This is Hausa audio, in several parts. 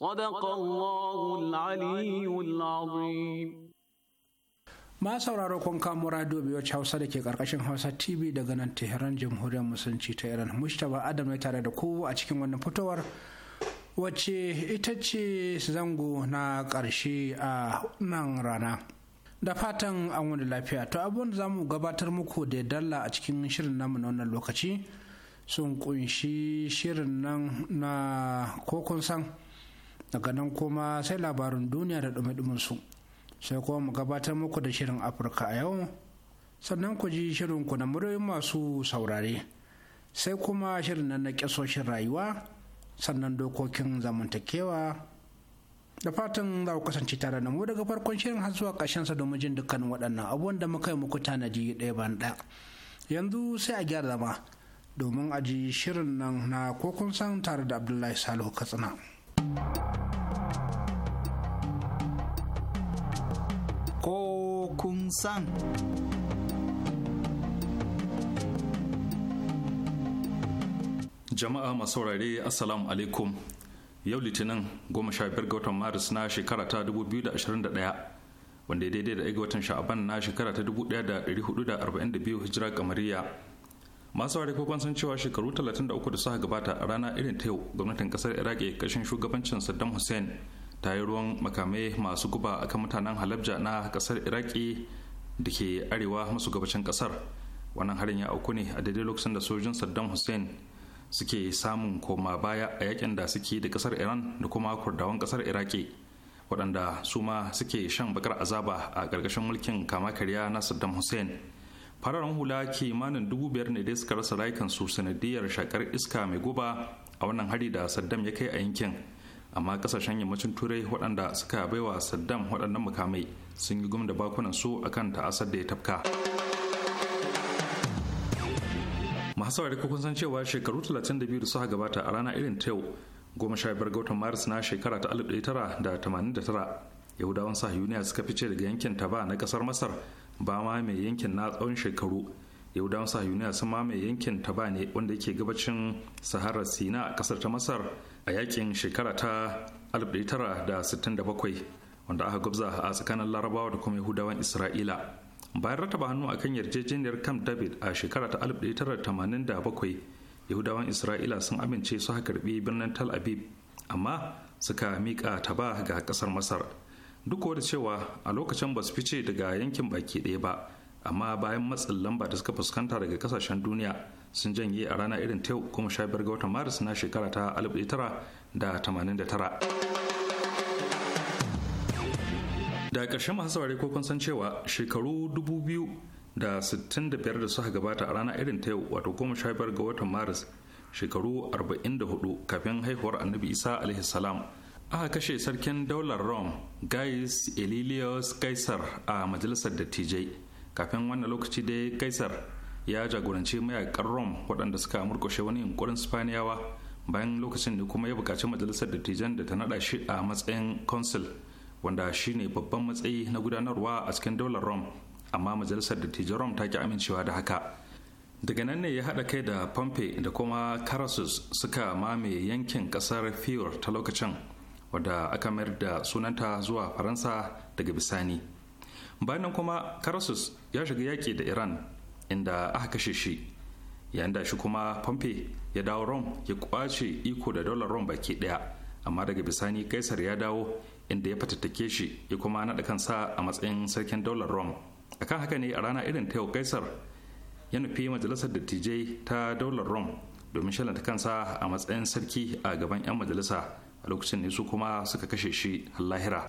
صدق الله العلي العظيم ma sauraro kun kamo radio biyu hausa da ke ƙarƙashin hausa tv daga nan tehran jamhuriyar musulunci ta iran mustapha adam ya tare da ku a cikin wannan fitowar wacce ita ce zango na ƙarshe a nan rana da fatan an wani lafiya to abin da za mu gabatar muku da dalla a cikin shirin namu na wannan lokaci sun kunshi shirin nan na kokon san daga nan kuma sai labarin duniya da dumi su sai kuma mu gabatar muku da shirin afirka a yau sannan ku ji shirin ku na muryoyin masu saurare sai kuma shirin nan na kyasoshin rayuwa sannan dokokin zamantakewa da fatan za ku kasance tare da mu daga farkon shirin har zuwa sa domin jin dukkanin waɗannan abubuwan da muka yi muku tanadi ɗaya ban ɗaya yanzu sai a gyara zama domin a ji shirin nan na kokun san tare da abdullahi salihu katsina. kun san. Jama'a masu saurare Assalamu alaikum. Yau Litinin goma sha biyar ga watan Maris na shekara ta 2021 wanda ya daidai da ga watan sha'aban na shekara ta 1442 hijira kamariya. Masu saurare ko san cewa shekaru 33 da suka gabata a rana irin ta yau gwamnatin kasar Iraki kashin shugabancin Saddam Hussein ta yi ruwan makamai masu guba akan mutanen halabja na kasar iraki da ke arewa masu gabashin kasar wannan harin ya auku ne a daidai lokacin da sojin saddam hussein suke samun koma baya a yakin da suke da kasar iran da kuma kurdawan kasar iraki waɗanda su ma suke shan bakar azaba a ƙarƙashin mulkin kama karya na saddam hussein fararen hula kimanin dubu biyar ne dai suka rasa su sanadiyar shakar iska mai guba a wannan hari da saddam ya kai a yankin amma kasashen yammacin turai waɗanda suka baiwa saddam waɗannan mukamai sun yi da bakunan su akan ta'asar da ya tafka masu saurari kun san cewa shekaru 32 da suka gabata a rana irin ta yau goma sha biyar ga maris na shekara ta tara yahudawan sahiyuniya suka fice daga yankin taba na kasar masar ba ma mai yankin na tsawon shekaru yahudawan sahiyuniya sun ma mai yankin taba ne wanda yake gabacin sahara sina a kasar ta masar a yakin shekara ta 1967 wanda aka gubza a tsakanin larabawa da kuma yahudawan isra'ila bayan rataba hannu a kan yarjejeniyar camp david a shekara ta 1987 yahudawan isra'ila sun amince su haka karbi birnin tal abib amma suka miƙa ta ba ga ƙasar masar duk da cewa a lokacin ba su fice daga yankin baki ɗaya ba amma bayan matsin lamba da suka fuskanta daga kasashen duniya sun janye a rana irin ta kuma sha biyar ga watan maris na shekara ta tara da ƙarshen masu saurari ko kun san cewa shekaru dubu biyu da sittin da biyar da suka gabata a rana irin ta yau wato goma sha biyar ga watan maris shekaru arba'in da hudu kafin haihuwar annabi isa alaihi salam aka kashe sarkin daular rome gaius elilius kaisar a majalisar dattijai kafin wannan lokaci dai kaisar ya jagoranci mayakan rome waɗanda suka murkushe wani yunkurin spaniyawa bayan lokacin da kuma ya bukaci majalisar dattijan da ta naɗa shi a matsayin consul wanda ne babban matsayi na gudanarwa a cikin daular rome amma majalisar dattijan rome ta ki amincewa da haka daga nan ne ya haɗa kai da pompey da kuma karasus suka mame yankin ƙasar fiyor ta lokacin wadda aka mayar da sunanta zuwa faransa daga bisani bayan nan kuma karasus ya shiga yaƙi da iran inda aka kashe shi yayin da shi kuma pompe ya dawo rom ya kwace iko da daular rom baki daya amma daga bisani kaisar ya dawo inda ya fatattake shi ya kuma naɗa kansa a matsayin sarkin daular rom akan haka ne a rana irin ta yau kaisar ya nufi majalisar dattijai ta daular rom domin shalanta kansa a matsayin sarki a gaban 'yan majalisa a lokacin ne su kuma suka kashe shi lahira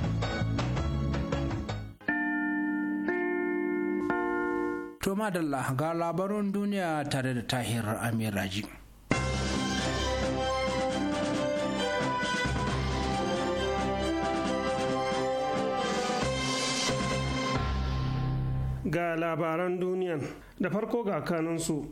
To madalla ga labaran duniya tare da tahir Amir Raji. Ga labaran duniyan da farko ga kanunsu.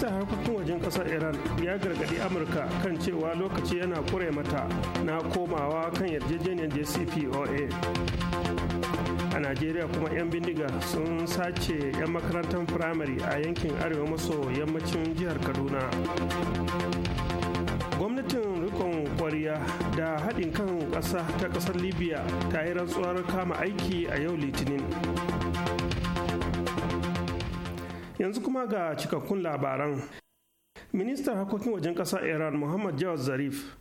ministan harkokin wajen kasar iran ya gargadi amurka kan cewa lokaci yana kure mata na komawa kan yarjejeniyar jcpoa a najeriya kuma 'yan bindiga sun sace 'yan makarantar firamare a yankin arewa maso yammacin jihar kaduna gwamnatin rikon kwariya da haɗin kan ƙasa ta ƙasar libya ta yi rantsuwar kama aiki a yau litinin yanzu kuma ga cikakkun labaran ministan harkokin wajen ƙasar iran muhammad jawad zarif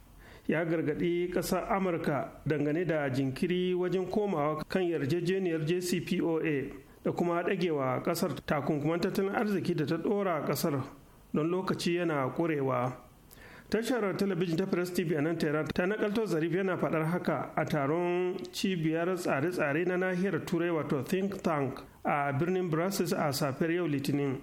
ya gargaɗi ƙasar amurka dangane da jinkiri wajen komawa kan yarjejeniyar jcpoa da kuma ɗagewa ƙasar takunkuman tattalin arziki da ta ɗora ƙasar don lokaci yana ƙurewa tashar talabijin ta press tv a nan tehran ta nakalto zarif yana faɗar haka a taron cibiyar tsare-tsare na nahiyar turai wato think tank a birnin brussels a safiyar yau litinin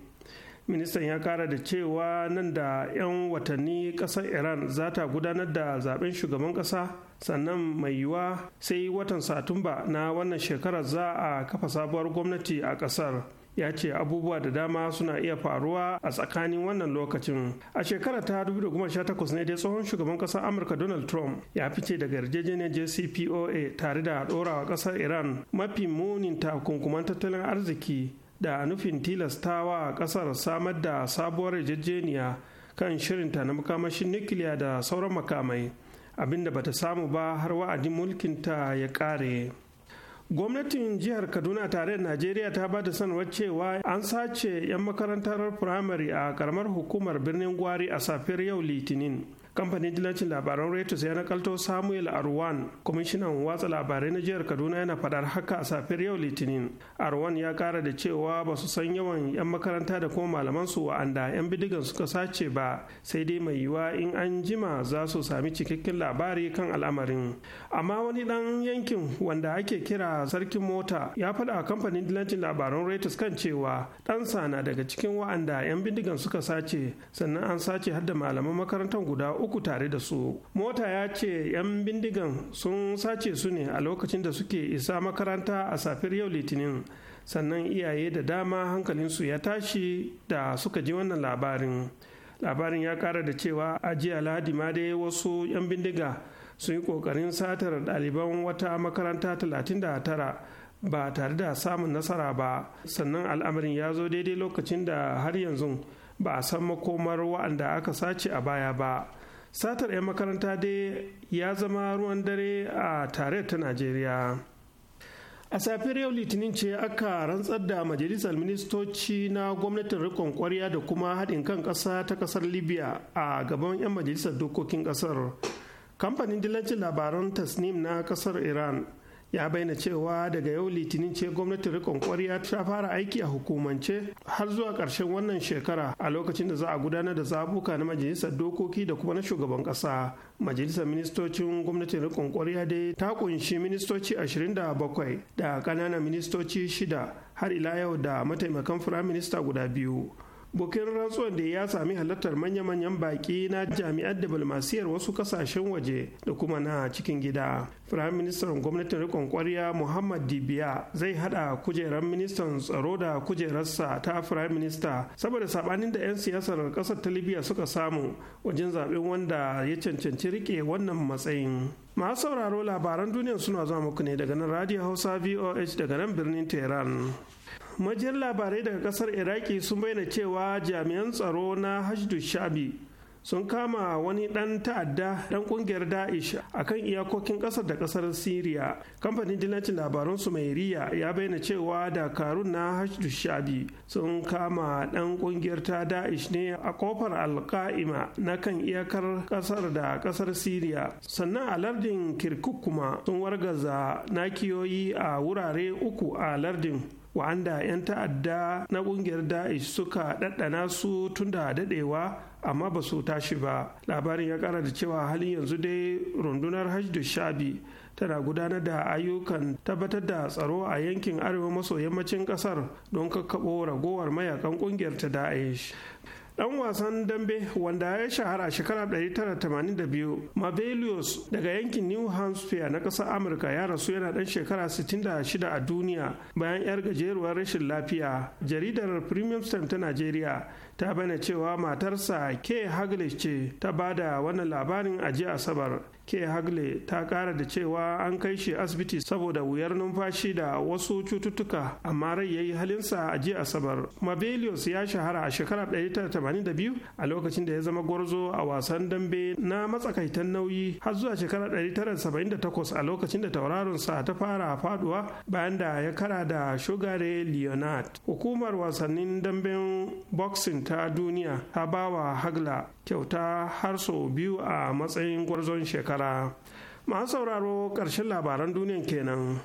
ministan ya kara da cewa nan da 'yan watanni kasar iran za ta gudanar da zaben shugaban kasa sannan mai yiwuwa sai watan satumba na wannan shekarar za a kafa sabuwar gwamnati a kasar ya ce abubuwa da dama suna iya faruwa a tsakanin wannan lokacin a shekara ta 2018 ne dai tsohon shugaban kasar amurka donald trump ya fice daga yarjejeniyar jcpoa tare da dorawa kasar iran mafi munin takunkuman tattalin arziki da nufin tilastawa kasar samar da sabuwar yarjejeniya kan shirinta na makamashin nukiliya da sauran makamai abinda bata samu ba har wa'adin mulkinta ya kare. gwamnatin jihar kaduna tare da najeriya ta ba da sanarwar cewa an sace 'yan makarantar firamare a karamar hukumar birnin gwari a safiyar yau litinin kamfanin dillacin labaran reuters ya nakalto samuel arwan kwamishinan watsa labarai na jihar kaduna yana fadar haka a safiyar yau litinin arwan ya kara da cewa ba su san yawan 'yan makaranta da kuma malaman su wa'anda 'yan bidigan suka sace ba sai dai mai yiwuwa in an jima za su sami cikakken labari kan al'amarin amma wani dan yankin wanda ake kira sarkin mota ya faɗa a kamfanin dillacin labaran reuters kan cewa ɗansa na daga cikin wa'anda 'yan bindigan suka sace sannan an sace har da malaman makarantar guda uku tare da su mota ya ce 'yan bindigan sun sace su ne a lokacin da suke isa makaranta a safiyar yau litinin sannan iyaye da dama hankalinsu ya tashi da suka ji wannan labarin labarin ya kara da cewa a jiya lahadi ma dai wasu 'yan bindiga sun yi kokarin satar ɗaliban wata makaranta talatin da tara ba tare da samun nasara ba sannan al'amarin ya zo daidai lokacin da har yanzu ba a san makomar wa'anda aka sace a baya ba satar 'yan makaranta dai ya zama ruwan dare a tare ta najeriya a safiyar yau litinin ce aka rantsar da majalisar ministoci na gwamnatin rikon kwarya da kuma haɗin kan ƙasa ta ƙasar libya a gaban 'yan majalisar dokokin ƙasar kamfanin dillancin labaran tasnim na ƙasar iran ya bayyana cewa daga yau litinin ce gwamnatin rikon kwarya ta fara aiki a hukumance har zuwa ƙarshen wannan shekara a lokacin da za a gudanar da zabuka na majalisar dokoki da kuma na shugaban ƙasa majalisar ministocin gwamnatin rikon kwarya dai ta kunshi ministoci 27 da ƙananan ministoci shida har ila yau da mataimakan firaminista guda biyu Bokin rantsuwan da ya sami halartar manya-manyan baƙi na jami'ar diplomasiyar wasu kasashen waje da kuma na cikin gida firayim ministan gwamnatin rikon kwarya muhammad dibiya zai hada kujerar ministan tsaro da kujerarsa ta firayim minista saboda sabanin da 'yan siyasar kasar ta libya suka samu wajen zaɓen wanda ya cancanci rike wannan matsayin masu sauraro labaran duniya suna zuwa muku ne daga nan radio hausa voh daga nan birnin tehran majiyar labarai daga kasar iraki sun bayyana cewa jami'an tsaro na hajjdu shabi sun kama wani dan ta'adda dan kungiyar da'ish a kan iyakokin kasar da kasar syria kamfanin dillacin labarun sumairiya ya bayyana cewa dakarun na hajjdu shabi sun kama dan kungiyar ta da'ish ne a kofar alka'ima na kan iyakar kasar da kasar syria sannan a lardin kirkuk kuma sun wargaza nakiyoyi a wurare uku a lardin wa'anda 'yan ta'adda na kungiyar da'ish suka ɗaɗɗana su tun da daɗewa amma ba su tashi ba labarin ya ƙara da cewa halin yanzu dai rundunar hajj shabi tana gudanar da ayyukan tabbatar da tsaro a yankin arewa maso yammacin ƙasar don kakkaɓo ragowar mayakan kungiyar ta daesh dan wasan dambe wanda ya shahara a shekarar 1982 mabelius daga yankin new hampshire na ƙasar amurka ya rasu yana dan shekara 66 a duniya bayan yar gajeruwar rashin lafiya jaridar premium stamp ta Nigeria. ta bayyana cewa matarsa ke hagle ce ta ba da wannan labarin a jiya asabar ke hagle ta kara da cewa an kai shi asibiti saboda wuyar numfashi da wasu cututtuka amma rai ya yi halinsa a jiya asabar kuma belius ya shahara a shekarar 1982 a lokacin da ya zama gwarzo a wasan dambe na matsakaitan nauyi har zuwa shekarar 1978 a lokacin da tauraronsa ta fara faduwa bayan da ya kara da shugare leonard hukumar wasannin damben boxing ta duniya ta ba wa hagla kyauta har sau biyu a matsayin gwarzon shekara masu sauraro ƙarshen labaran duniyan kenan.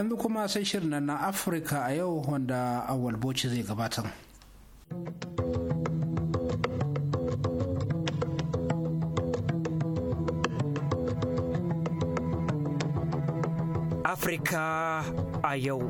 yanzu kuma sai shirin na afirka a yau wanda awal boci zai gabatar. Afirka a yau.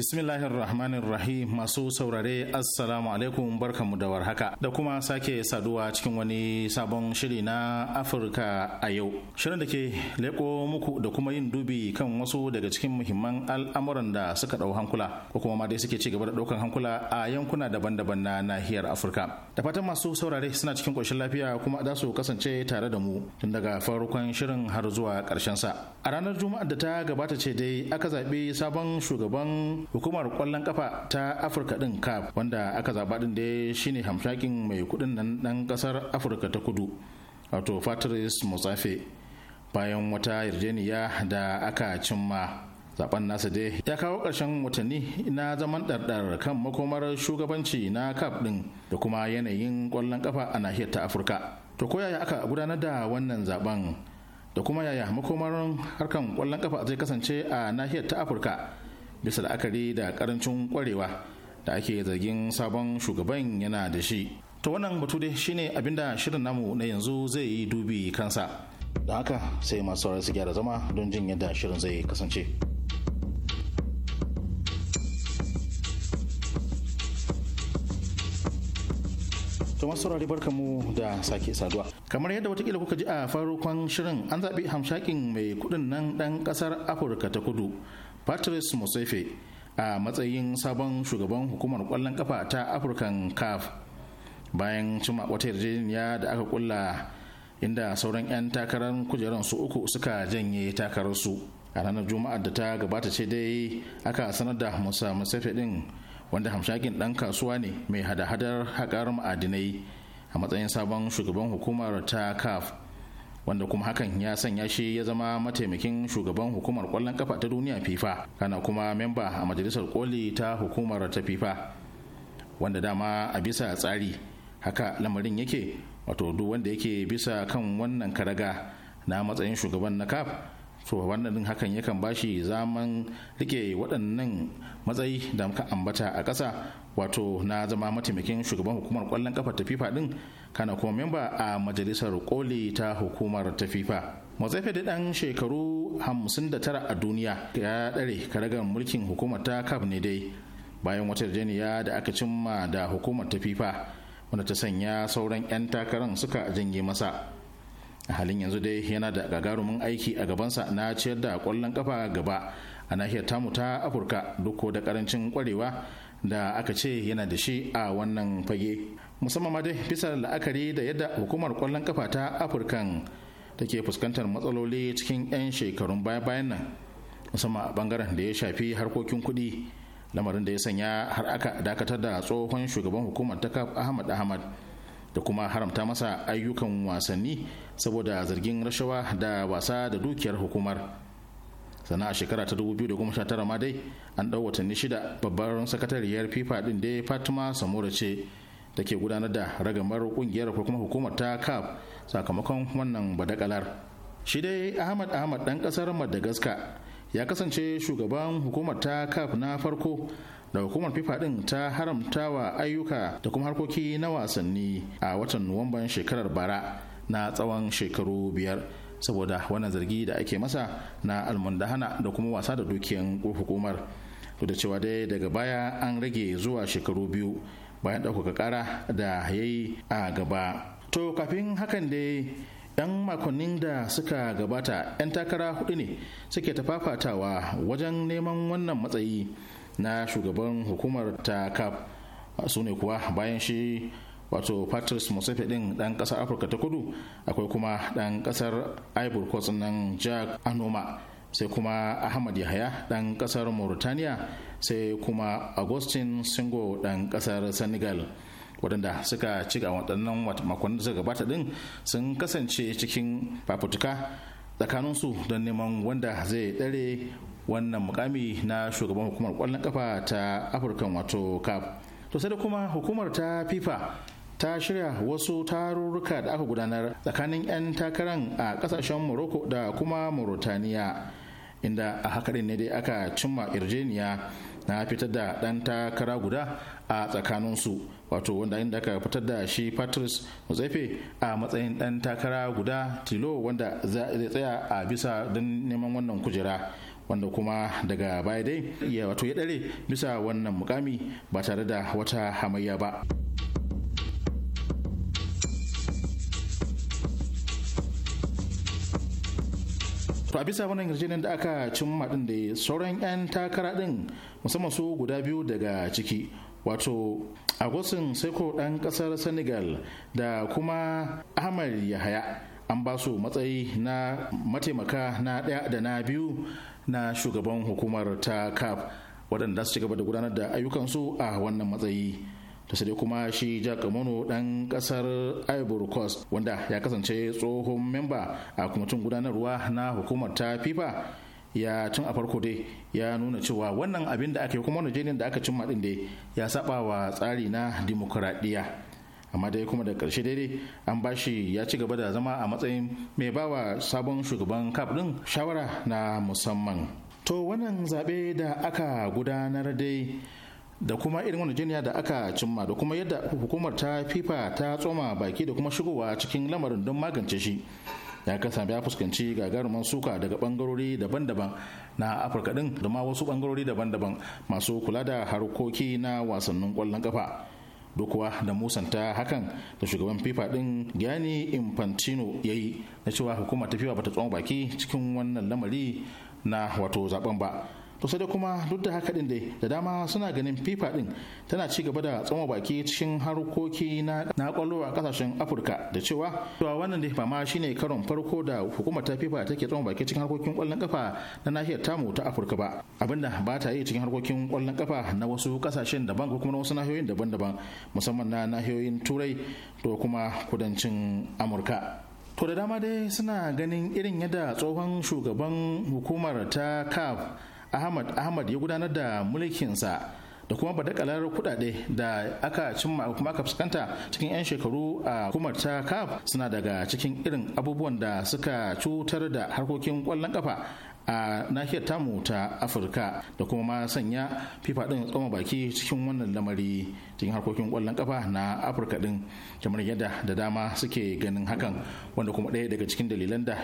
Bismillahir Rahmanir Rahim masu saurare Assalamu alaikum barkamu da warhaka da kuma sake saduwa cikin wani sabon shiri na Afirka a yau. Shirin da ke leko muku da kuma yin dubi kan wasu daga cikin muhimman al'amuran da suka ɗau hankula ko kuma ma dai suke ci gaba da daukan hankula a yankuna daban-daban na nahiyar Afirka. Da fatan masu saurare suna cikin koshin lafiya kuma da su kasance tare da mu tun daga farkon shirin har zuwa karshen sa. A ranar juma'a da ta gabata ce dai aka zaɓi sabon shugaban hukumar kwallon kafa ta afirka din cap wanda aka zaba din da shine hamshakin mai kudin nan dan kasar afirka ta kudu wato patrice mozafe bayan wata yarjeniya da aka cimma zaben nasa dai ya kawo ƙarshen watanni na zaman ɗarɗar kan makomar shugabanci na cap din da kuma yanayin kwallon kafa a nahiyar ta afirka to ko yaya aka gudanar da wannan zaben da kuma yaya makomar harkan kwallon kafa zai kasance a nahiyar ta afirka bisa la'akari da karancin kwarewa da ake zargin sabon shugaban yana da shi to wannan batu dai shine abinda shirin namu na yanzu zai yi dubi kansa da haka sai masu saurari su gyara zama don jin yadda shirin zai kasance To masu saurari barka mu da sake saduwa. Kamar yadda watakila kuka ji a farkon shirin an zaɓi hamshakin mai kudin nan ɗan ƙasar Afirka ta kudu patrice musefe a matsayin sabon shugaban hukumar kwallon kafa ta african caf bayan cima wata yarjejeniya da aka kulla inda sauran 'yan takarar kujerar su uku suka janye takararsu a ranar juma'ar da ta gabata ce dai aka sanar da musa ɗin din wanda hamshakin dan kasuwa ne mai hada-hadar haƙar ma'adinai a matsayin sabon shugaban hukumar ta caf wanda kuma hakan ya sanya shi ya zama mataimakin shugaban hukumar kwallon kafa ta duniya fifa kana kuma memba a majalisar koli ta hukumar ta fifa wanda dama a bisa tsari haka lamarin yake wato duk wanda yake bisa kan wannan karaga na matsayin shugaban na kaf so wannan din hakan yakan bashi zaman rike waɗannan matsayi da muka ambata a ƙasa wato na zama mataimakin shugaban hukumar ƙwallon kafa ta fifa din kana kuma memba a majalisar koli ta hukumar ta fifa matsafe da ɗan shekaru 59 a duniya ya ɗare karagar mulkin hukumar ta kaf ne dai bayan wata yarjejeniya da aka cimma da hukumar ta fifa wanda ta sanya sauran 'yan takarar suka janye masa a halin yanzu dai yana da gagarumin aiki a gabansa na ciyar da kwallon kafa gaba a nahiyar tamu ta afirka duk da karancin kwarewa da aka ce yana da shi a wannan fage musamman ma dai bisa la'akari da yadda hukumar kwallon kafa ta afirkan da ke fuskantar matsaloli cikin 'yan shekarun baya-bayan nan musamman a bangaren da ya shafi harkokin kuɗi lamarin da ya sanya har aka dakatar da tsohon shugaban hukumar ta ahmad ahmad da kuma haramta masa ayyukan wasanni saboda zargin rashawa da wasa da dukiyar hukumar sana a shekara ta 2019 ma dai an ɗau watanni shida babbar sakatariyar fifa ɗin da fatima samura ce da ke gudanar da ragamar kungiyar ko kuma hukumar ta cap sakamakon wannan badakalar shi dai ahmad ahmad ɗan ƙasar madagascar ya kasance shugaban hukumar ta cap na farko da hukumar fifa din ta haramta wa ayyuka da kuma harkoki na wasanni a watan nuwamban shekarar bara na tsawon shekaru biyar saboda wannan zargi da ake masa na almundahana da kuma wasa da dukiyan hukumar da cewa dai daga baya an rage zuwa shekaru biyu bayan ɗaukaka ƙara da ya yi a gaba to kafin hakan dai 'yan makonnin da suka gabata 'yan takara hudu ne suke tafafatawa wajen neman wannan matsayi na shugaban hukumar ta cap su ne kuwa bayan shi wato patrice musafi din dan kasar afirka ta kudu akwai kuma dan kasar ivory coast nan jack anoma sai kuma ahmad yahaya dan kasar mauritania sai kuma augustin singo dan kasar senegal waɗanda suka ci ga waɗannan makon da suka gabata din sun kasance cikin fafutuka tsakaninsu don neman wanda zai ɗare wannan mukami na shugaban hukumar kwallon kafa ta afirkan wato cap to sai kuma hukumar ta fifa ta shirya wasu tarurruka da aka gudanar tsakanin 'yan takaran a kasashen morocco da kuma mauritania inda a hakarin ne dai aka cimma irjeniya na fitar da ɗan takara guda a tsakaninsu wato wanda inda aka fitar da shi patrice muzaife a matsayin ɗan takara guda tilo wanda zai tsaya a bisa don neman wannan kujera wanda kuma daga baya dai ya wato ya dare bisa wannan mukami ba tare da wata hamayya ba. to a bisa wannan yarjejeniyar da aka cimma din da sauran 'yan takara din musamman su guda biyu daga ciki wato agustin seko dan kasar senegal da kuma ahmad yahaya an ba su matsayi na mataimaka na daya da na biyu na shugaban hukumar ta cap waɗanda su ci gaba da gudanar da ayyukansu a wannan matsayi da sai kuma shi jack mono ɗan ƙasar ivory coast wanda ya kasance tsohon memba a kwamitin gudanarwa na hukumar ta fifa ya tun a farko dai ya nuna cewa wannan abin da aka yi kuma wani da aka cimma ɗin dai ya saba wa tsari na dimokuraɗiyya amma dai kuma da karshe daidai an bashi ya ci gaba da zama a matsayin mai bawa sabon shugaban kaf din shawara na musamman to wannan zaɓe da aka gudanar dai da kuma irin wani jiniya da aka cimma da kuma yadda hukumar ta fifa ta tsoma baki da kuma shigowa cikin lamarin don magance shi ya kasa ya fuskanci gagarumin suka daga bangarori daban-daban na afirka din da ma wasu bangarori daban-daban masu kula da harkoki na wasannin kwallon kafa dukuwa da musanta hakan da shugaban fifa din gani infantino ya yi na cewa hukumar ta fifa bata tsawon baki cikin wannan lamari na wato zaben ba to sai da kuma duk da haka din dai da dama suna ganin fifa din tana ci gaba da tsoma baki cikin harkoki na na kwallo a kasashen afirka da cewa to wannan dai ba ma shine karon farko da hukumar ta fifa take tsoma baki cikin harkokin kwallon kafa na nahiyar tamu ta afirka ba abinda ba ta yi cikin harkokin kwallon kafa na wasu kasashen daban ko kuma wasu nahiyoyin daban-daban musamman na nahiyoyin turai to kuma kudancin amurka To da dama dai suna ganin irin yadda tsohon shugaban hukumar ta kaf ahmad ahmad ya gudanar da mulkinsa da kuma badakalar kudade da aka cimma kuma aka fuskanta cikin 'yan shekaru a hukumar ta kaf suna daga cikin irin abubuwan da suka cutar da harkokin kwallon kafa a nahiyar tamu ta afirka da kuma ma sanya fifa din tsoma baki cikin wannan lamari cikin harkokin kwallon kafa na afirka din kamar yadda da dama suke ganin hakan wanda kuma ɗaya daga cikin dalilan da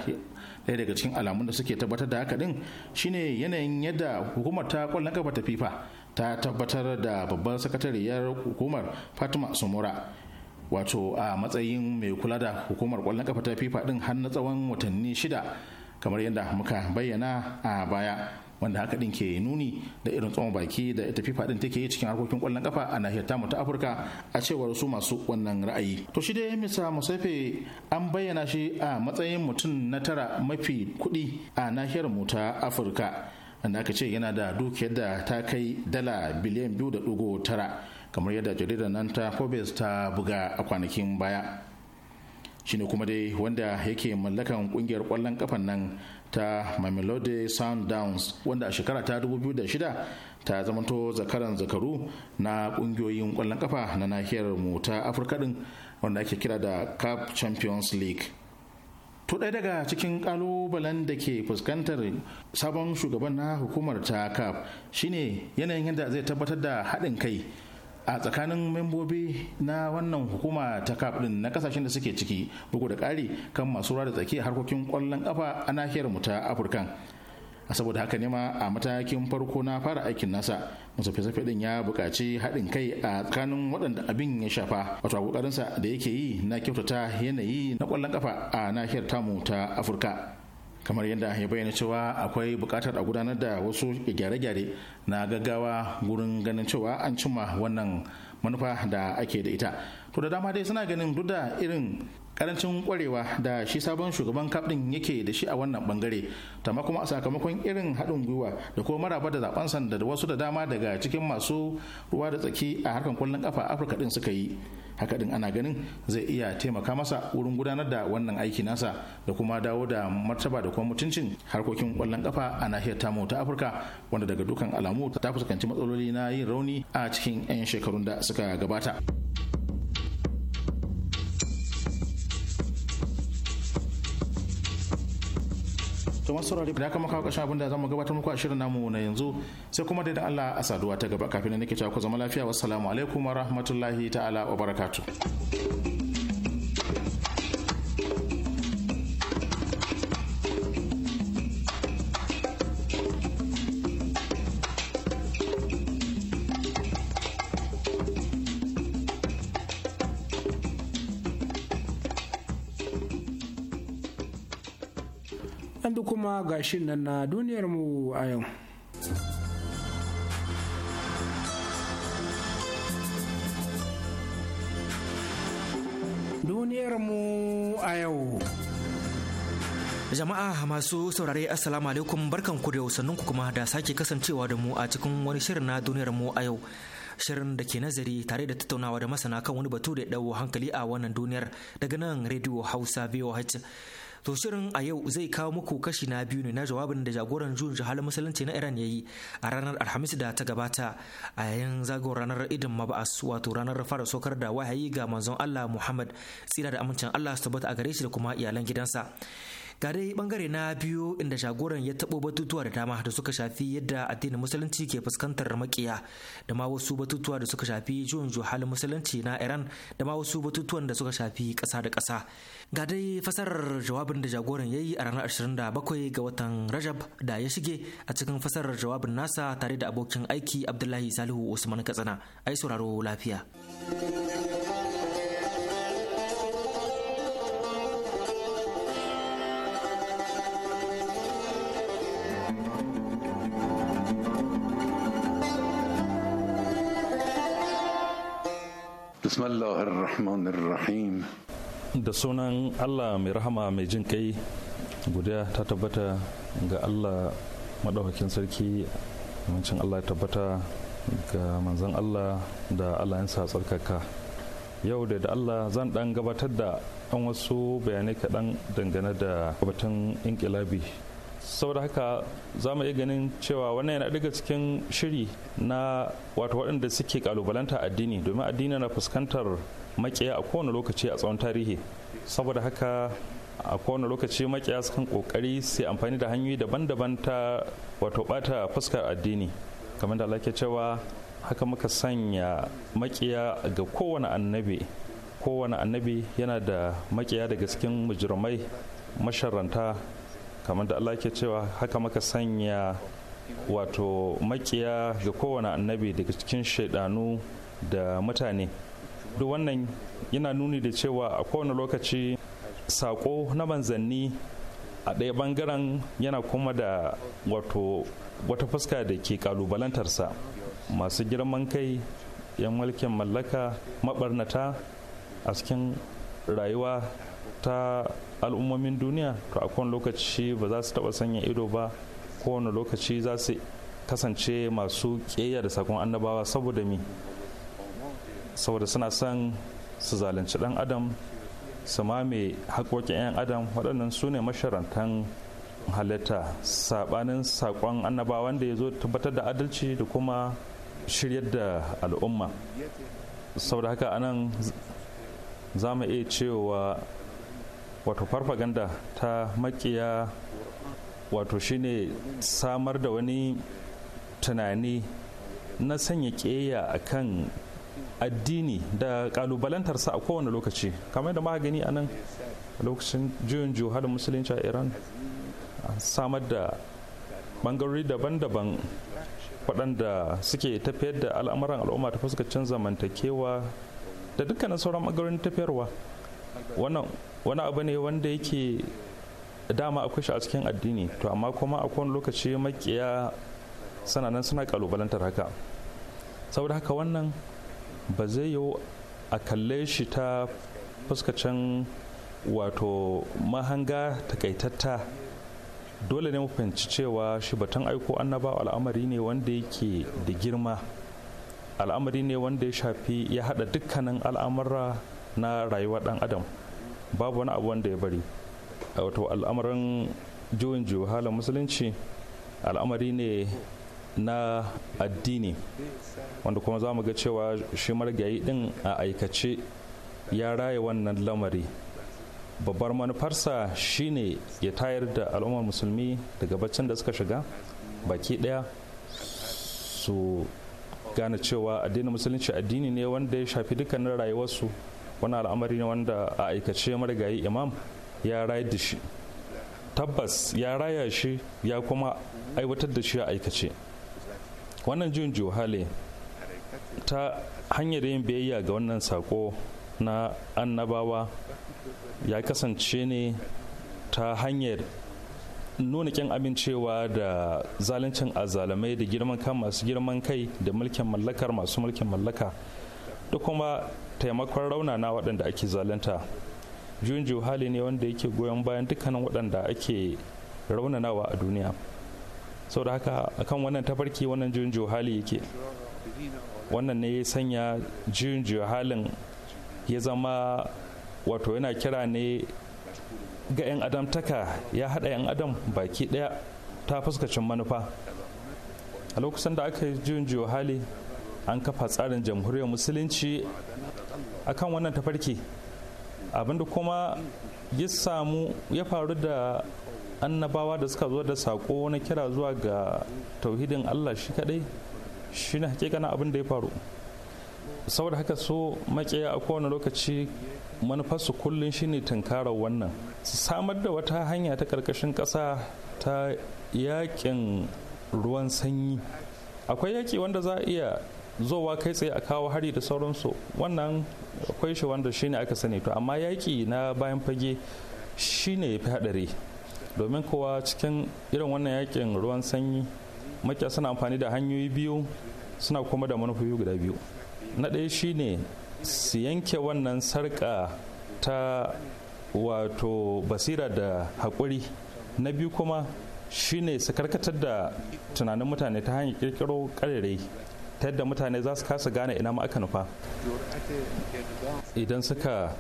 ɗaya daga cikin alamun da suke tabbatar da haka din shine yanayin yadda hukumar ta kwallon kafa ta fifa ta tabbatar da babbar sakatariyar hukumar fatima sumura wato a matsayin mai kula da hukumar kwallon kafa ta fifa din har na tsawon watanni shida kamar yadda muka bayyana a baya wanda haka din ke nuni da irin tsawon baki da ita fifa take yi cikin harkokin kwallon kafa a nahiyar tamu ta afirka a cewar su masu wannan ra'ayi to shi dai misa musaife an bayyana shi a matsayin mutum na tara mafi kuɗi a nahiyar mu ta afirka wanda aka ce yana da dukiyar da ta kai dala biliyan biyu da dugo tara kamar yadda jaridar nan ta forbes ta buga a kwanakin baya shine kuma dai wanda yake mallakan kungiyar kwallon kafan nan ta melode sundowns wanda a shekara ta 2006 ta zamanto zakaran zakaru na kungiyoyin kwallon kafa na nahiyar mu ta afirka din wanda ake kira da cup champions league To ɗaya daga cikin ƙalubalen da ke fuskantar sabon shugaban na hukumar ta CAF shine yanayin yadda zai tabbatar da haɗin kai a tsakanin membobi na wannan hukuma ta kaf din na kasashen da suke ciki bugu da ƙari kan masu ruwa da tsaki harkokin kwallon ƙafa a nahiyar mu ta Afirka, saboda haka ne ma a matakin farko na fara aikin nasa musafe-safe din ya buƙaci haɗin kai a tsakanin waɗanda abin ya shafa wato ƙoƙarinsa da yake yi na kyautata yanayi na ƙwallon ƙafa a nahiyar tamu ta afirka kamar yadda ya bayyana cewa akwai bukatar a gudanar da wasu gyare-gyare na gaggawa gurin ganin cewa an cimma wannan manufa da ake da ita to da dama dai suna ganin duk da irin karancin kwarewa da shi sabon shugaban kafin yake da shi a wannan bangare ta kuma a sakamakon irin haɗin gwiwa da kuma maraba da zaben sanda da wasu da dama daga cikin masu ruwa da tsaki a harkar kwallon kafa afirka din suka yi haka din ana ganin zai iya taimaka masa wurin gudanar da wannan aiki nasa da kuma dawo da martaba da kuma mutuncin harkokin kwallon kafa a nahiyar tamu ta afirka wanda daga dukan alamu ta fuskanci matsaloli na yin rauni a cikin 'yan shekarun da suka gabata. to masu saurare da kuma kawo kashin abin da zamu gabatar muku a shirin namu na yanzu sai kuma da Allah a saduwa ta gaba kafin nake cewa ku zama lafiya wassalamu alaikum wa rahmatullahi ta'ala wa barakatuh kuma gashin nan na duniyarmu a yau. Duniyarmu a yau. Jama'a masu saurare Assalamu alaikum barkan ku da ku kuma da sake kasancewa da mu a cikin wani shirin na duniyarmu a yau. Shirin da ke nazari tare da tattaunawa da masana kan wani batu da ya dawo hankali a wannan duniyar daga nan Radio Hausa VOH. To shirin a yau zai kawo muku kashi na biyu ne na jawabin da jagoran jun jihar musulunci na Iran ya yi a ranar Alhamis da ta gabata a yayin zagon ranar idin maba'as wato ranar fara sokar da wahayi ga manzon Allah Muhammad tsira da amincin Allah su tabbata a gare shi da kuma iyalan gidansa. ga dai bangare na biyu inda shagoran ya taɓo batutuwa da dama da suka shafi yadda addinin musulunci ke fuskantar makiya da ma wasu batutuwa da suka shafi juyin halin musulunci na iran da ma wasu batutuwan da suka shafi ƙasa da ƙasa ga dai fasarar jawabin da jagoran ya yi a ranar 27 ga watan rajab da ya shige a cikin fasarar jawabin nasa tare da abokin aiki abdullahi salihu usman katsina ai sauraro lafiya Bismillahirrahmanirrahim. Da sunan Allah mai rahama mai jin kai guda ta tabbata ga Allah maɗaukakin sarki wancan Allah ya tabbata ga manzan Allah da Allah yansa tsarkaka. Yau da da Allah zan ɗan gabatar da an wasu bayanai kaɗan dangane da batun inkilabi saboda haka za mu iya ganin cewa wannan yana daga cikin shiri na wato waɗanda suke kalubalanta addini domin addini na fuskantar makiya a kowane lokaci a tsawon tarihi saboda haka a kowane lokaci makiya sukan kokari su amfani da hanyoyi daban-daban ta wato bata fuskar addini kamar da Allah ke cewa haka muka sanya makiya ga kowane annabi kowane annabi yana da makiya daga cikin mujirmai masharanta kamar da Allah ke cewa haka maka sanya wato makiya ga kowane annabi daga cikin shaidanu da mutane duk wannan yana nuni da cewa a kowane lokaci saƙo na manzanni a ɗaya bangaren yana kuma da wato wata fuska da ke ƙalubalantarsa masu girman kai 'yan mulkin mallaka mabarnata a cikin rayuwa ta al'ummomin duniya to a kowane lokaci ba za su taɓa sanya ido ba kowane lokaci za su kasance masu keya da sakon annabawa saboda mi saboda suna son su zalunci dan adam su mame haƙoƙin 'yan adam waɗannan su ne masharantan halitta saɓanin saƙon annabawa da ya zo tabbatar da adalci da kuma shiryar da al'umma saboda haka anan za mu iya cewa wato farfaganda ta makiya wato shine samar da wani tunani na sanya keya a kan addini da kalubalantarsa a kowane lokaci kamar da magani a nan lokacin juyin juhalin musulunci a iran samar da bangarori daban-daban waɗanda suke tafiyar da al'amuran al'umma ta fuskacin zamantakewa da dukkanin sauran ɓangarorin tafiyarwa wannan wani abu ne wanda yake dama akwai shi a cikin addini to amma kuma a kowane lokaci makiya sananan nan suna kalubalantar haka saboda haka wannan ba zai yi a kalle shi ta fuskacin wato mahanga takaitatta dole ne mu fahimci cewa shi batun aiko annaba al'amari ne wanda yake da girma al'amari ne wanda ya shafi ya hada dukkanin al'amura na rayuwar dan adam babu wani abu wanda ya bari a wato al'amarin juyin juyo halin musulunci al'amari ne na addini wanda kuma za mu ga cewa shi marigayi din a aikace ya raye wannan lamari babbar manufarsa shine ya tayar da al'ummar musulmi daga baccin da suka shiga baki daya su gane cewa addinin musulunci addini ne wanda ya shafi dukkanin rayuwarsu wani al'amari ne wanda a aikace marigayi imam ya rayar da shi tabbas ya raya shi ya kuma aiwatar da shi a aikace wannan jin juhale ta hanyar yin biyayya ga wannan sako na annabawa ya kasance ne ta hanyar nuna kyan amincewa da zaluncin azalamai da girman kan masu girman kai da mulkin mallakar masu mulkin mallaka da kuma taimakon raunana waɗanda ake zalunta junju hali ne wanda yake goyon bayan dukkanin waɗanda ake raunanawa a duniya saboda haka akan wannan tafarki wannan junju hali yake wannan ne ya sanya junju halin ya zama wato yana kira ne ga 'yan adamtaka ya haɗa 'yan adam baki ɗaya ta fuskacin manufa a lokacin da aka yi junju hali an kafa tsarin jamhuriyar musulunci a kan wannan tafarki abinda kuma ya samu ya faru da annabawa da suka zo da sako na kira zuwa ga tauhidin allah shi kadai shi ne hakikanin abin da ya faru saboda haka so makiya a kowane lokaci manufarsu kullum shine tunkarar wannan samar da wata hanya ta karkashin ƙasa ta yaƙin ruwan sanyi akwai yaƙi wanda za a iya zowa kai tsaye a kawo hari da sauransu wannan akwai shi wanda shine aka sani to amma yaƙi na bayan fage shine ya fi haɗari domin kowa cikin irin wannan yaƙin ruwan sanyi makiya suna amfani da hanyoyi biyu suna kuma da manufofi guda biyu na ɗaya shine su yanke wannan sarƙa ta wato basira da haƙuri na biyu kuma shi ne su karkatar da tunanin mutane ta hanyar ƙirƙiro ƙarerai ta yadda mutane za su kasa gane ina ma aka nufa idan suka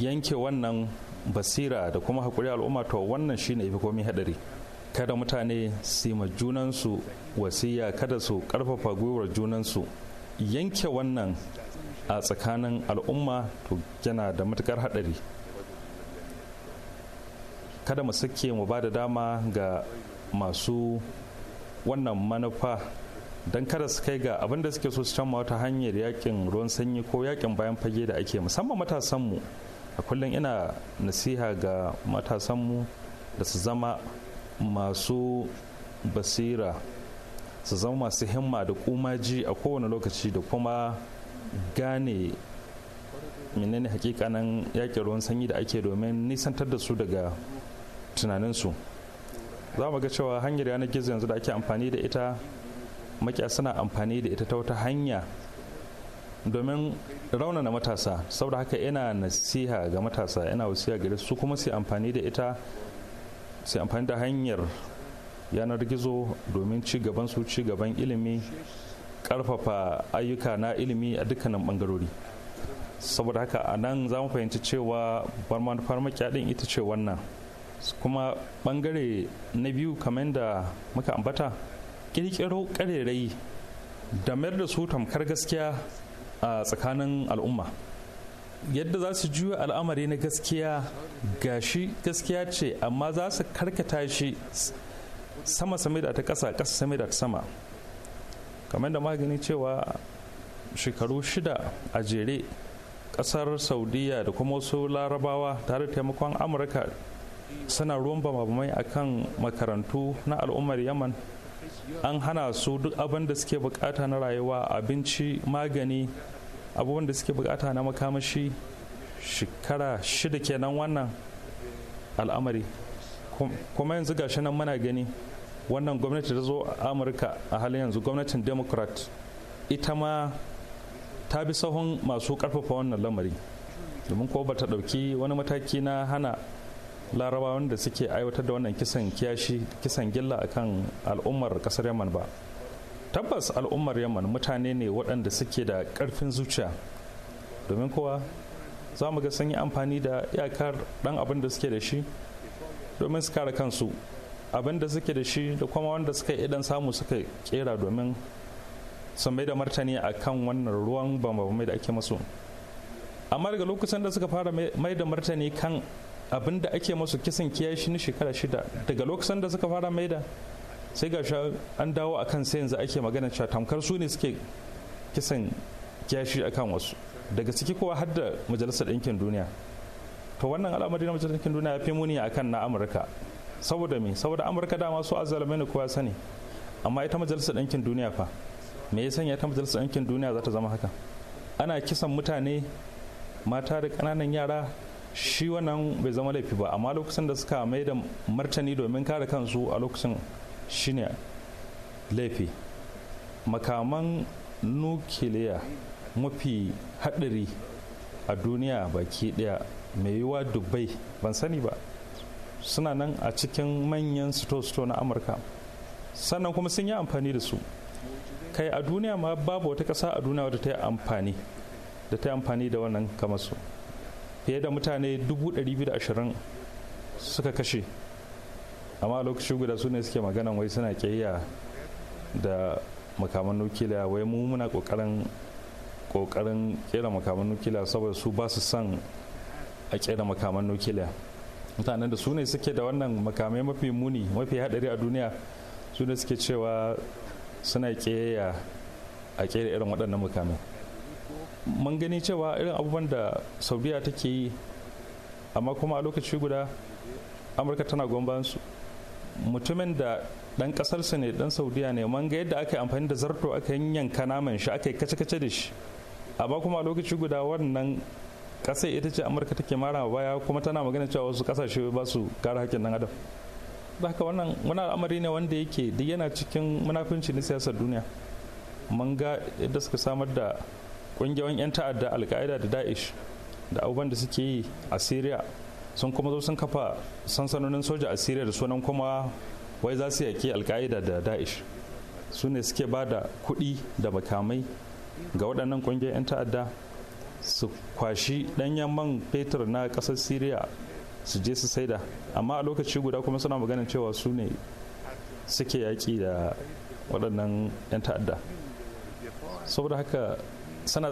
yanke wannan basira da kuma haƙuri al'umma to wannan shi ne komi hadari kada mutane su ma junansu wasiya kada su ƙarfafa gwiwar junansu yanke wannan a tsakanin al'umma to yana da matukar hadari kada mu sake mu ba da dama ga masu wannan manufa don kada su kai ga abin da suke so su canma wata hanyar yakin ruwan sanyi ko yakin bayan fage da ake musamman matasanmu a kullum ina nasiha ga matasanmu da su zama masu basira su zama masu himma da kumaji a kowane lokaci da kuma gane menene hakikanin yakin ruwan sanyi da ake domin nisantar da su daga tunaninsu za mu ga cewa hanyar yanar gizo yanzu da ake amfani da ita makiya suna amfani da ita ta wata hanya domin raunana matasa saboda haka ina nasiha ga matasa ina wasiya gare su kuma sai amfani da ita sai amfani da hanyar yanar gizo domin ci gaban su ci gaban ilimi karfafa ayyuka na ilimi a dukkanin bangarori saboda haka a nan za mu fahimci cewa barman makiya din ita ce wannan kuma bangare na biyu kamar da muka ambata kirkiro karerai da mayar da su tamkar gaskiya a tsakanin al'umma yadda za su juya al'amari na gaskiya ga shi gaskiya ce amma za su karkata shi sama same da ta ƙasa ƙasa same da ta sama kamar da magani cewa shekaru shida a jere ƙasar saudiya da kuma wasu larabawa tare da taimakon amurka suna ruwan a kan makarantu na al'ummar yaman an hana su duk abin da suke bukata na rayuwa abinci magani abubuwan da suke bukata na makamashi shekara shida kenan wannan al'amari kuma yanzu gashi nan muna gani wannan gwamnati ta zo a amurka a halin yanzu gwamnatin democrat ita ma ta bi sahun masu karfafa wannan lamari domin ko ba ta ɗauki wani mataki na hana larabawan da suke aiwatar da wannan kisan kiyashi kisan gilla akan al'ummar kasar yaman ba tabbas al'ummar yaman mutane ne waɗanda suke da ƙarfin zuciya domin kowa za mu ga sun yi amfani da iyakar ɗan abin da suke da shi domin su kare kansu abin da suke da shi da kuma wanda suka idan samu suka kera domin sun mai da martani a kan wannan ruwan bambamai da ake masu amma daga lokacin da suka fara mai da martani kan abinda ake masu kisan kiyashi na shekara shida daga lokacin da suka fara maida sai ga an dawo a kan sai yanzu ake magana cewa tamkar su ne suke kisan kiyashi a kan wasu daga ciki kowa har da majalisar ɗinkin duniya to wannan al'amari na majalisar ɗinkin duniya ya fi muni a kan na amurka saboda me saboda amurka dama su azzalame ne kowa sani amma ita majalisar ɗinkin duniya fa me ya sanya ita majalisar ɗinkin duniya za ta zama haka ana kisan mutane mata da ƙananan yara shi wannan bai zama laifi ba amma lokacin da suka mai da martani domin kare kansu a lokacin shine laifi makaman nukiliya mafi haɗari a duniya baki ɗaya mai yiwuwa dubbai ban sani ba suna nan a cikin manyan sito-sito na amurka sannan kuma sun yi amfani da su kai a duniya ma babu wata ƙasa a duniya wadda ta yi amfani da ta yi amfani da wannan kamar su fiye da mutane 220 suka kashe amma lokaci guda su ne suke maganan wai suna kiyaya da makaman nukiliya wai mu muna kokarin kokarin kera makaman nukiliya saboda su ba su son a kera makaman nukiliya mutanen da su ne suke da wannan makamai mafi muni mafi hadari a duniya su ne suke cewa suna kiyaya a kera irin waɗannan makamai mun gani cewa irin abubuwan da saudiya take yi amma kuma a lokaci guda amurka tana gwamban su mutumin da dan kasarsa ne dan saudiya ne man ga yadda aka yi amfani da zarto aka yanka naman shi aka yi kace-kace da shi amma kuma a lokaci guda wannan kasai ita ce amurka take mara baya kuma tana magana cewa wasu kasashe ba su kare hakkin dan adam da haka wannan wani al'amari ne wanda yake duk yana cikin munafunci na siyasar duniya mun ga yadda suka samar da ƙungiyoyin 'yan ta'adda alƙa'ida da da'ish da abubuwan da suke yi a syria sun kuma zo sun kafa sansanonin soja a syria da sunan kuma wai za su yaƙi alka'ida da da'ish su ne suke ba da kuɗi da makamai ga waɗannan ƙungiyoyin 'yan ta'adda su kwashi ɗanyen man fetur na ƙasar syria su je su saida amma a lokaci guda kuma suna maganin cewa su ne suke yaƙi da waɗannan 'yan ta'adda saboda haka sana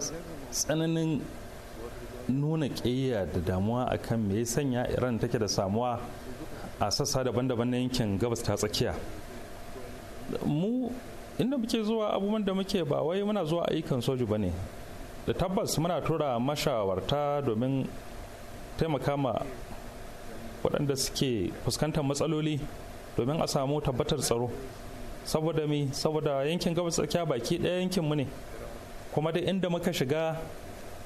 tsananin nuna ƙiyya da damuwa akan me ya sanya iran take da samuwa a sassa daban-daban na yankin gabas ta tsakiya mu inda muke zuwa abubuwan da muke ba wai muna zuwa ayyukan soju ba ne da tabbas muna tura mashawarta domin taimaka ma waɗanda suke fuskantar matsaloli domin a samu tabbatar tsaro saboda mi saboda yankin gabas tsakiya baki ɗaya yankin mu ne kuma duk inda muka shiga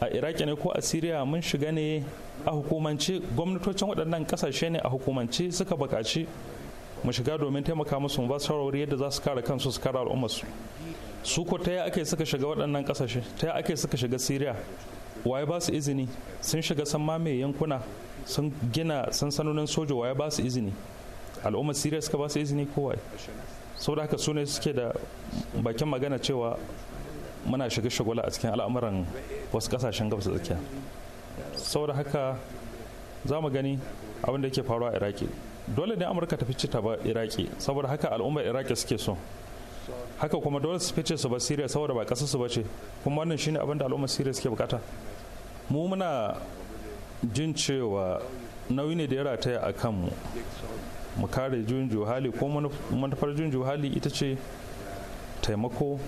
a iraki ne ko a siriya mun shiga ne a hukumance gwamnatocin waɗannan ƙasashe ne a hukumance suka buƙaci mu shiga domin taimaka musu ba su shawarwari yadda za su kare kansu su kare al'ummarsu su ko ta ake suka shiga waɗannan ƙasashe ta ake suka shiga siriya waye ba su izini sun shiga san mai yankuna sun gina sansanonin soja waye ba su izini al'ummar siriya suka ba su izini ko sau saboda haka su ne suke da bakin magana cewa muna shiga shagula a cikin al'amuran wasu kasashen gabas tsakiya saboda haka za mu gani abin da yake faruwa a iraki dole ne amurka ta fice ta ba iraki saboda haka al'ummar iraki suke so haka kuma dole su fice su ba siriya saboda ba kasar su ba ce kuma wannan shine abin da al'ummar siriya suke bukata mu muna jin cewa nauyi ne da ya rataya a kanmu mu kare juyin juhali ko manufar juyin juhali ita ce taimako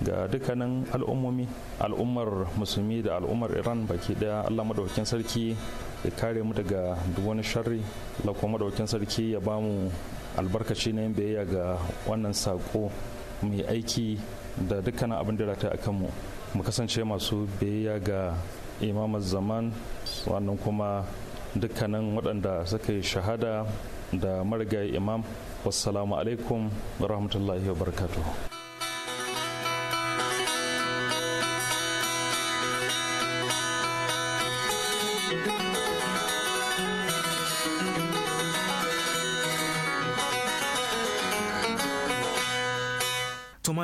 ga dukkanin al'ummomi al'ummar musulmi da al'ummar iran baki daya allah madaukakin sarki ya kare mu daga duk wani sharri allah kuma madaukakin sarki ya ba mu albarkaci na yin biyayya ga wannan sako mai aiki da dukkanin abin da rata a mu mu kasance masu biyayya ga imamar zaman wannan kuma dukkanin waɗanda suka yi shahada da marigayi imam wassalamu alaikum rahmatullahi wa barakatuhu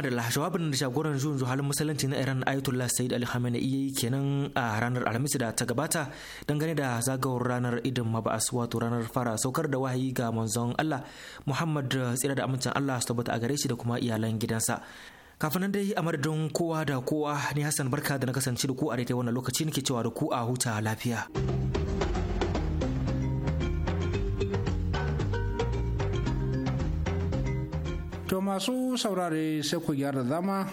da jawabin da jagoran juyin halin musulunci na iran ayatollah Sayyid ali khamenei yayi kenan a ranar alhamis da ta gabata dangane da zagawar ranar idin maba'as wato ranar fara saukar da wahayi ga manzon allah muhammad tsira da amincin allah su tabbata a gare shi da kuma iyalan gidansa kafin nan dai a madadin kowa da kowa ni hassan barka da na kasance da ku a daidai wannan lokaci nake cewa da ku a huta lafiya to masu saurare sai ku gyara zama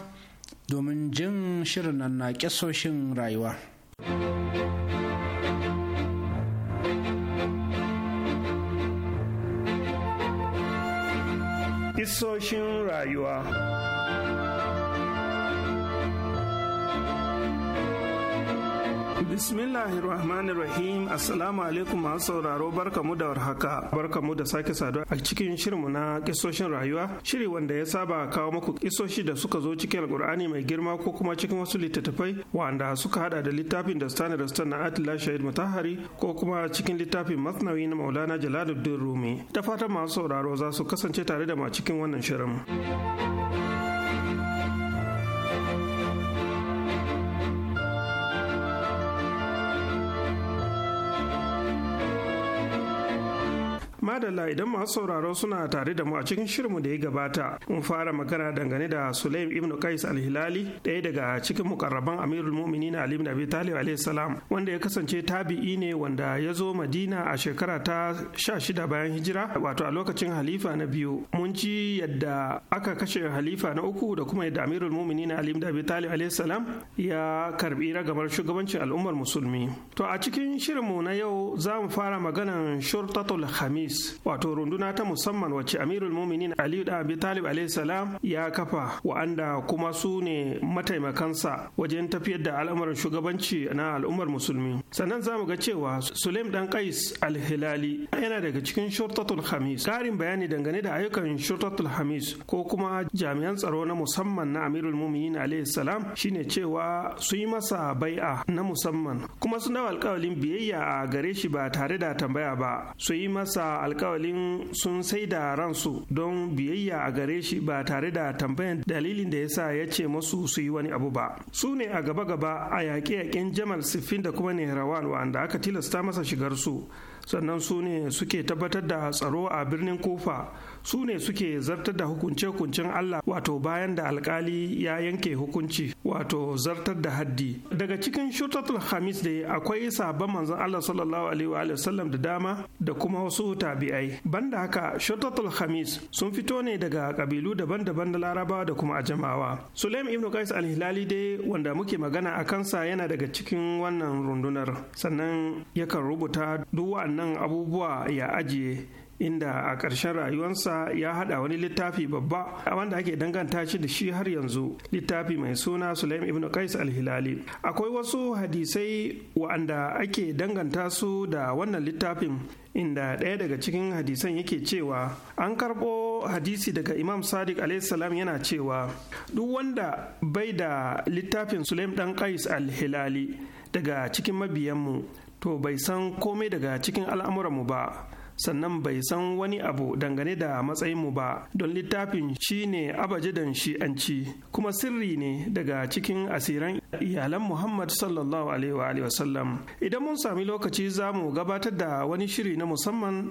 domin jin shirin nan na kisoshin rayuwa Kisoshin rayuwa rahim Assalamu alaikum masu sauraro barkamu da warhaka barkamu da sake saduwa a cikin shirinmu na kisoshin rayuwa shiri wanda ya saba kawo muku kisoshi da suka zo cikin alkur'ani mai girma ko kuma cikin wasu littattafai wanda suka hada da littafin da Stanley da na Atila Shahid Mutahari ko kuma cikin littafin Masnawi na Maulana Jalaluddin Rumi da fatan masu sauraro za su kasance tare da mu cikin wannan shirin. madalla idan masu sauraro suna tare da mu a cikin shirinmu da ya gabata mun fara magana dangane da sulaim ibn qais al-hilali ɗaya daga cikin mukarraban amirul mu'minin ali ibn abi talib alayhi salam wanda ya kasance tabi'i ne wanda ya zo madina a shekara ta 16 bayan hijira wato a lokacin halifa na biyu mun ci yadda aka kashe halifa na uku da kuma yadda amirul mu'minin ali ibn abi talib alayhi salam ya karbi ragamar shugabancin al'ummar musulmi to a cikin shirinmu na yau za mu fara maganan shurtatul khamis wato runduna ta musamman wacce Amirul Muminin Aliyu da Abi Talib salam ya kafa wa'anda kuma su ne mataimakansa wajen tafiyar da al'amuran shugabanci na al'ummar musulmi. Sannan za mu ga cewa Sulaim dan Qais al yana daga cikin Shurtatul Hamis. Karin bayani dangane da ayyukan Shurtatul Hamis ko kuma jami'an tsaro na musamman na Amirul Muminin alayhi salam shine cewa su yi masa bai'a na musamman kuma su dawo alƙawalin biyayya a gare shi ba tare da tambaya ba su yi masa alkawalin sun sai da ransu don biyayya a gare shi ba tare da tambayan dalilin da yasa ya ce masu su yi wani abu ba su ne a gaba-gaba a yaƙe-yaƙen jamal siffin da kuma rawal wanda aka tilasta masa shigar su sannan su ne suke tabbatar da tsaro a birnin kofa su ne suke zartar da hukunce-hukuncen Allah wato bayan da alkali ya yanke hukunci wato zartar da haddi daga cikin shutatul hamis da akwai sabon manzon Allah sallallahu alaihi wa sallam da dama da kuma wasu tabi'ai banda haka shutatul hamis sun fito ne daga kabilu daban-daban na larabawa da kuma ajamawa sulaim Ibn qais al-hilali dai wanda muke magana a kansa yana daga cikin wannan rundunar sannan yakan rubuta duk wannan abubuwa ya ajiye inda a ƙarshen rayuwarsa ya haɗa wani littafi babba wanda ake danganta shi da shi har yanzu littafi mai suna sulaim ibn qais al-hilali akwai wasu hadisai wa'anda ake danganta su da wannan littafin inda ɗaya daga cikin hadisan yake cewa an karɓo hadisi daga imam sadiq salam yana cewa duk wanda bai da littafin sulaim ɗan qais al-hilali daga cikin mabiyanmu to bai san komai daga cikin al'amuranmu ba sannan bai san wani abu dangane da matsayinmu ba don littafin shi ne abajidan shi'anci kuma sirri ne daga cikin asiran iyalan muhammad sallallahu alaihi wa sallam idan mun sami lokaci za mu gabatar da wani shiri na musamman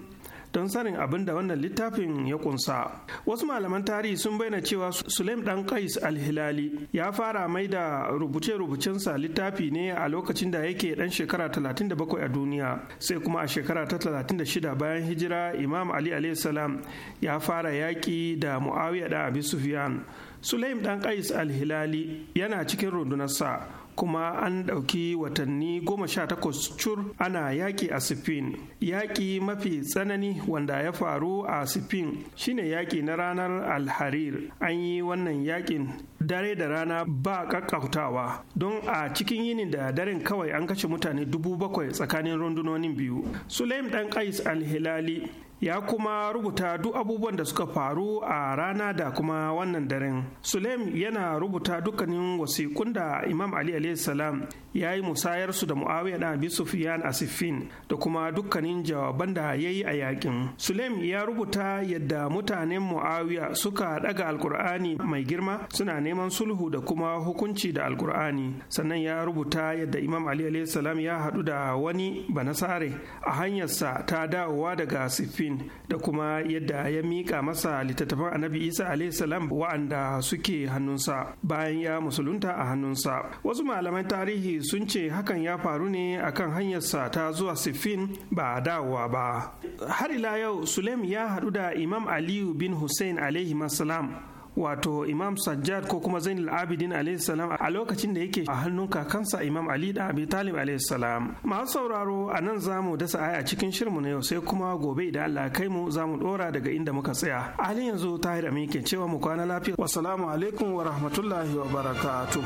don sanin abin da wannan littafin ya kunsa wasu malaman tarihi sun bayyana cewa Suleim dan kais alhilali ya fara mai da rubuce-rubucensa littafi ne a lokacin da yake dan shekara 37 a duniya sai kuma a shekara ta 36 bayan hijira imam ali alayhi salam ya fara yaƙi da muawiya da abi sufyan sulaim dan Kais al yana cikin rundunarsa kuma an ɗauki watanni goma sha takwas cur ana yaƙi a sifin. Yaƙi mafi tsanani wanda ya faru a Spain shine yaƙi na ranar Alharir. An yi wannan yaƙin dare da rana ba ƙaƙƙautawa don a cikin yinin da daren kawai an kashe mutane dubu bakwai tsakanin rundunonin biyu. Sulaim ɗan Kais Alhilali ya kuma rubuta duk abubuwan da suka faru a rana da kuma wannan daren sulem yana rubuta dukkanin wasiƙun da imam ali salam ya yi musayarsu da muawiya da abi sufyan a siffin da kuma dukkanin jawaban da ya yi a yakin sulem ya rubuta yadda mutanen muawiya suka daga alkur'ani mai girma suna neman sulhu da kuma hukunci da alkur'ani sannan ya rubuta yadda imam ali salam ya haɗu da wani banasare a hanyarsa ta dawowa daga siffin jibrin da kuma yadda ya mika masa littattafan annabi isa salam wa'anda suke hannunsa bayan ya musulunta a hannunsa wasu malaman tarihi sun ce hakan ya faru ne akan hanyarsa ta zuwa siffin ba dawowa ba har ila yau sulaim ya haɗu da imam aliyu bin hussein alayhi salam wato imam sajjad ko kuma zainul abidin alaihissalam a lokacin da yake a hannun kakansa imam ali da abi talib alaihissalam masu sauraro a nan za mu dasa aya a cikin shirmu na yau sai kuma gobe idan allah kai mu za mu dora daga inda muka tsaya a halin yanzu tahir amin ke cewa mu kwana lafiya wasalamu alaikum wa rahmatullahi wa barakatu.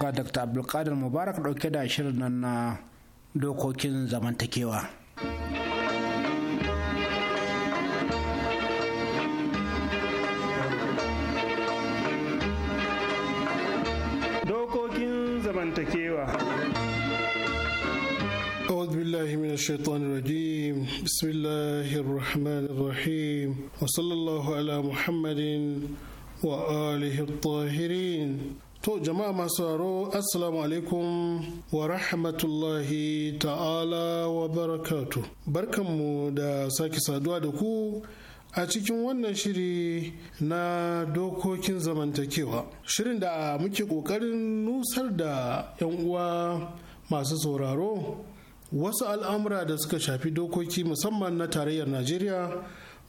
ga dr abdulkadir mubarak dauke da shirin nan na dokokin zamantakewa. zamantakewa billahi min ashaitan rajim bismillahirrahmanirrahim wa sallallahu ala muhammadin wa alihi tahirin to jama'a masu raro assalamu alaikum wa rahmatullahi ta'ala wa barakatu barkanmu da sake saduwa da ku a cikin wannan shiri na dokokin zamantakewa shirin da muke ƙoƙarin nusar da 'yan uwa masu sauraro wasu al'amura da suka shafi dokoki musamman na tarayyar najeriya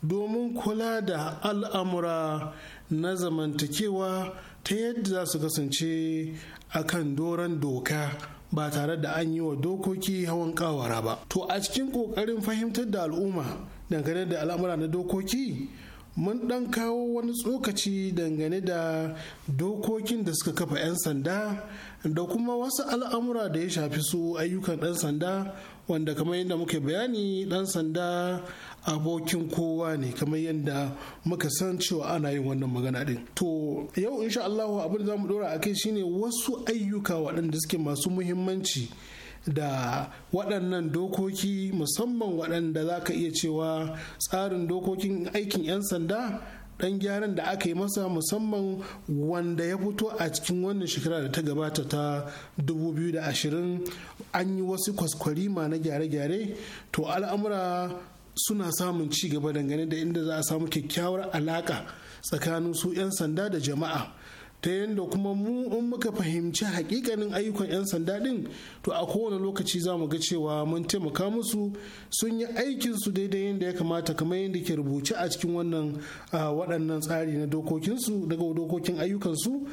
domin kula da al'amura na zamantakewa ta yadda za su kasance a kan doron doka ba tare da an yi wa dokoki hawan kawara ba to a cikin ƙoƙarin fahimtar da al'umma dangane da al'amura na dokoki mun dan kawo wani tsokaci dangane da dokokin da suka kafa 'yan sanda da kuma wasu al'amura da ya shafi su ayyukan dan sanda wanda kamar yadda muka bayani dan sanda abokin kowa ne kamar yadda muka san cewa ana yin wannan magana din to yau insha Allah abin da za mu dora akai shine wasu ayyuka waɗanda suke masu muhimmanci da waɗannan dokoki musamman waɗanda za ka iya cewa tsarin dokokin aikin 'yan sanda ɗan gyaran da aka yi masa musamman wanda ya fito a cikin wannan shekara da ta gabata ta 2020 an yi wasu kwaskwarima na gyare-gyare to al'amura suna samun ci gaba dangane da inda za a samu kyakkyawar alaƙa tsakanin su 'yan sanda da jama'a ta yadda kuma mu in muka fahimci hakikanin ayyukan 'yan sanda din to a kowane lokaci za mu ga cewa mun taimaka musu sun yi aikin su daidai yadda ya kamata kamar yadda ke rubuce a cikin wannan waɗannan tsari na dokokinsu daga dokokin ayyukansu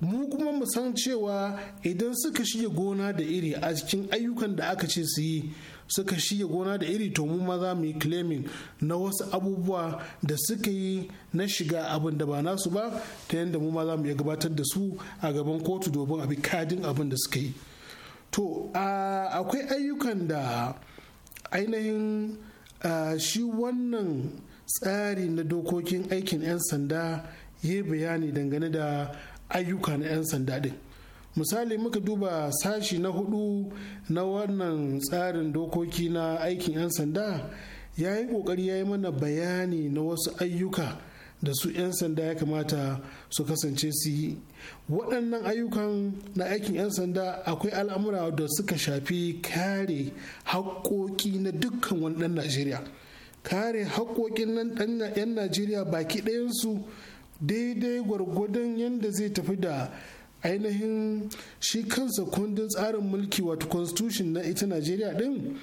mu kuma mu san cewa idan suka shige gona da iri a cikin ayyukan da aka ce su yi suka shirya gona da iri to mu ma za mu yi claiming na wasu abubuwa da suka yi na shiga abin da ba nasu ba ta yadda mu ma mu iya gabatar da su a gaban kotu domin a bi kadin abin da suka yi to akwai ayyukan da ainihin shi wannan tsari na dokokin aikin 'yan sanda ya bayani dangane da ayyuka na 'yan sanda din. misali muka duba sashi na hudu na wannan tsarin dokoki na aikin 'yan sanda ya yi kokari ya yi mana bayani na wasu ayyuka da su 'yan sanda ya kamata su kasance su yi waɗannan ayyukan na aikin 'yan sanda akwai al'amura da suka shafi kare haƙoƙi na dukkan wani ɗan najeriya kare nan ɗan 'yan najeriya baki ɗayansu daidai gwargwadon yadda zai tafi da ainihin shi kansa kundin tsarin mulki wato constitution na ita najeriya din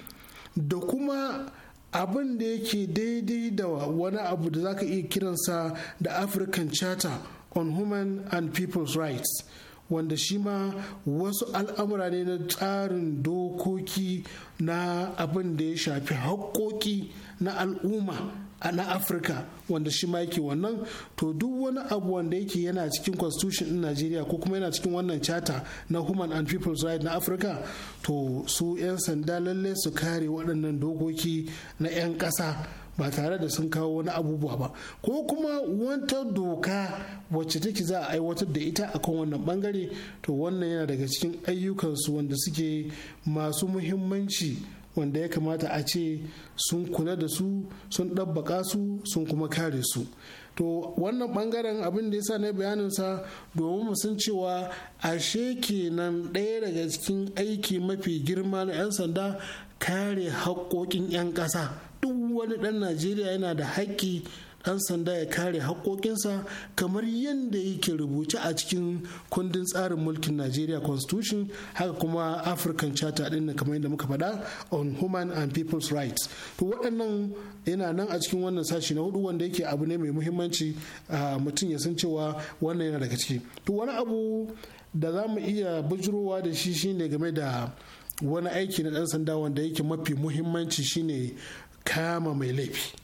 da kuma abin da yake daidai da wani abu da zaka iya kiransa da african charter on human and people's rights wanda shi ma wasu al'amura ne na tsarin dokoki na abin da ya shafi haƙƙoƙi na al'umma a na afirka wanda shi ma yake wannan to duk wani abu wanda yake yana cikin constitution din najeriya ko kuma yana cikin wannan chata na human and people's right na afirka to su 'yan sanda lalle su kare waɗannan dokoki na 'yan ƙasa ba tare da sun kawo wani abubuwa ba ko kuma wata doka wacce take za a aiwatar da ita akan wannan bangare to wannan yana daga cikin ayyukansu wanda suke masu muhimmanci wanda ya kamata a ce sun kula da su sun ɗabbaka su sun kuma kare su to wannan bangaren abin da ya sa na bayaninsa domin mu san cewa ashe kenan ɗaya daga cikin aiki mafi girma na 'yan sanda kare haƙoƙin 'yan ƙasa duk wani ɗan najeriya yana da haƙƙi ɗan sanda ya kare haƙoƙinsa kamar yadda yake rubuce a cikin kundin tsarin mulkin Najeriya constitution haka kuma African Charter ɗin kamar yadda muka faɗa on human and people's rights. To waɗannan yana nan a cikin wannan sashi na hudu wanda yake abu ne mai muhimmanci mutum ya san cewa wannan yana daga ciki. To wani abu da za mu iya bujurowa da shi shine game da wani aiki na ɗan sanda wanda yake mafi muhimmanci shine kama mai laifi.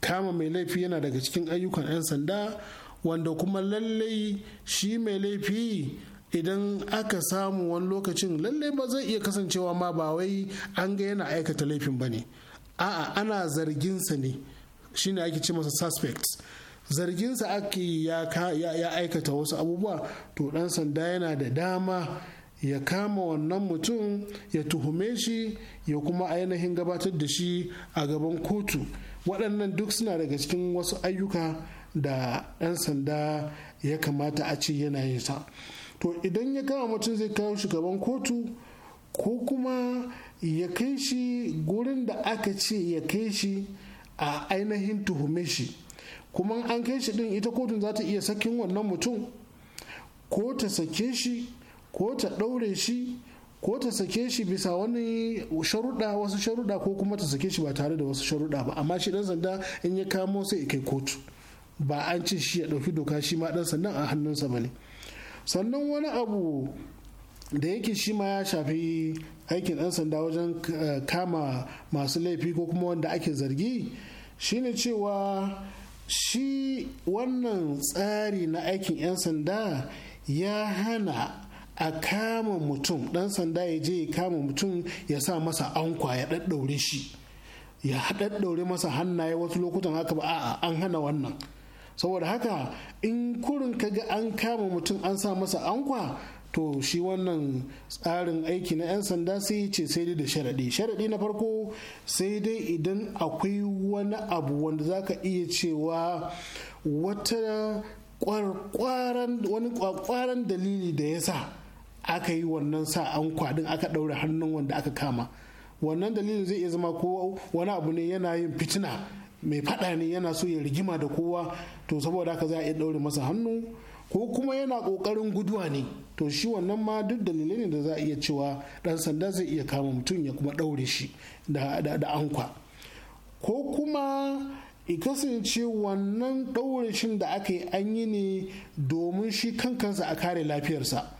kama mai laifi yana daga cikin ayyukan 'yan sanda wanda kuma lallai shi mai laifi idan aka samu wani lokacin lallai ba zai iya kasancewa ma ba wai an ga yana aikata laifin ba ne a'a ana zarginsa ne shine ake ce masa suspect zarginsa ake ya aikata wasu abubuwa to dan sanda yana da dama ya kama wannan mutum ya tuhume shi ya kuma ainihin gabatar da shi a gaban kotu waɗannan duk suna daga cikin wasu ayyuka da ɗan sanda ya kamata a ce yana yin sa to idan ya kama mutum zai kawo shugaban kotu ko kuma ya kai shi gurin da aka ce ya kai shi a ainihin tuhume shi kuma an kai shi din ita kotun za ta iya sakin wannan mutum ko ta sake shi ko ta ɗaure shi ko ta sake shi bisa wani sharuɗa wasu sharuɗa ko kuma ta sake shi ba tare da wasu sharuɗa ba amma shi ɗan sanda in ya kamo sai kai kotu ba an ce shi ya ɗauki doka shi ma ɗan sandan a hannunsa ba ne sannan wani abu da yake shi ma ya shafi aikin ɗan sanda wajen eh, kama masu laifi ko kuma wanda ake zargi shine cewa shi wannan tsari na aikin 'yan sanda ya hana a kama mutum dan sanda ya je ya kama mutum ya sa masa ankwa ya ɗaɗɗaure shi ya daddaure masa hannaye wasu lokutan haka ba a'a an hana wannan saboda haka in kurin kaga an kama mutum an sa masa ankwa to shi wannan tsarin aiki na 'yan sanda sai ce sai dai da sharaɗi sharaɗi na farko sai dai idan akwai wani abu wanda za ka iya cewa wata wani kwakwaran dalili da ya sa aka yi wannan sa an kwadin aka ɗaure hannun wanda aka kama wannan dalilin zai iya zama ko wani abu ne yana yin fitina mai faɗa ne yana so ya rigima da kowa to saboda haka za a iya ɗaure masa hannu ko kuma yana kokarin guduwa ne to shi wannan ma duk dalilai ne da za a iya cewa ɗan sanda zai iya kama mutum ya kuma ɗaure shi da, da, ankwa ko kuma kasance wannan ɗaure shin da aka yi an yi ne domin shi kankansa a kare lafiyarsa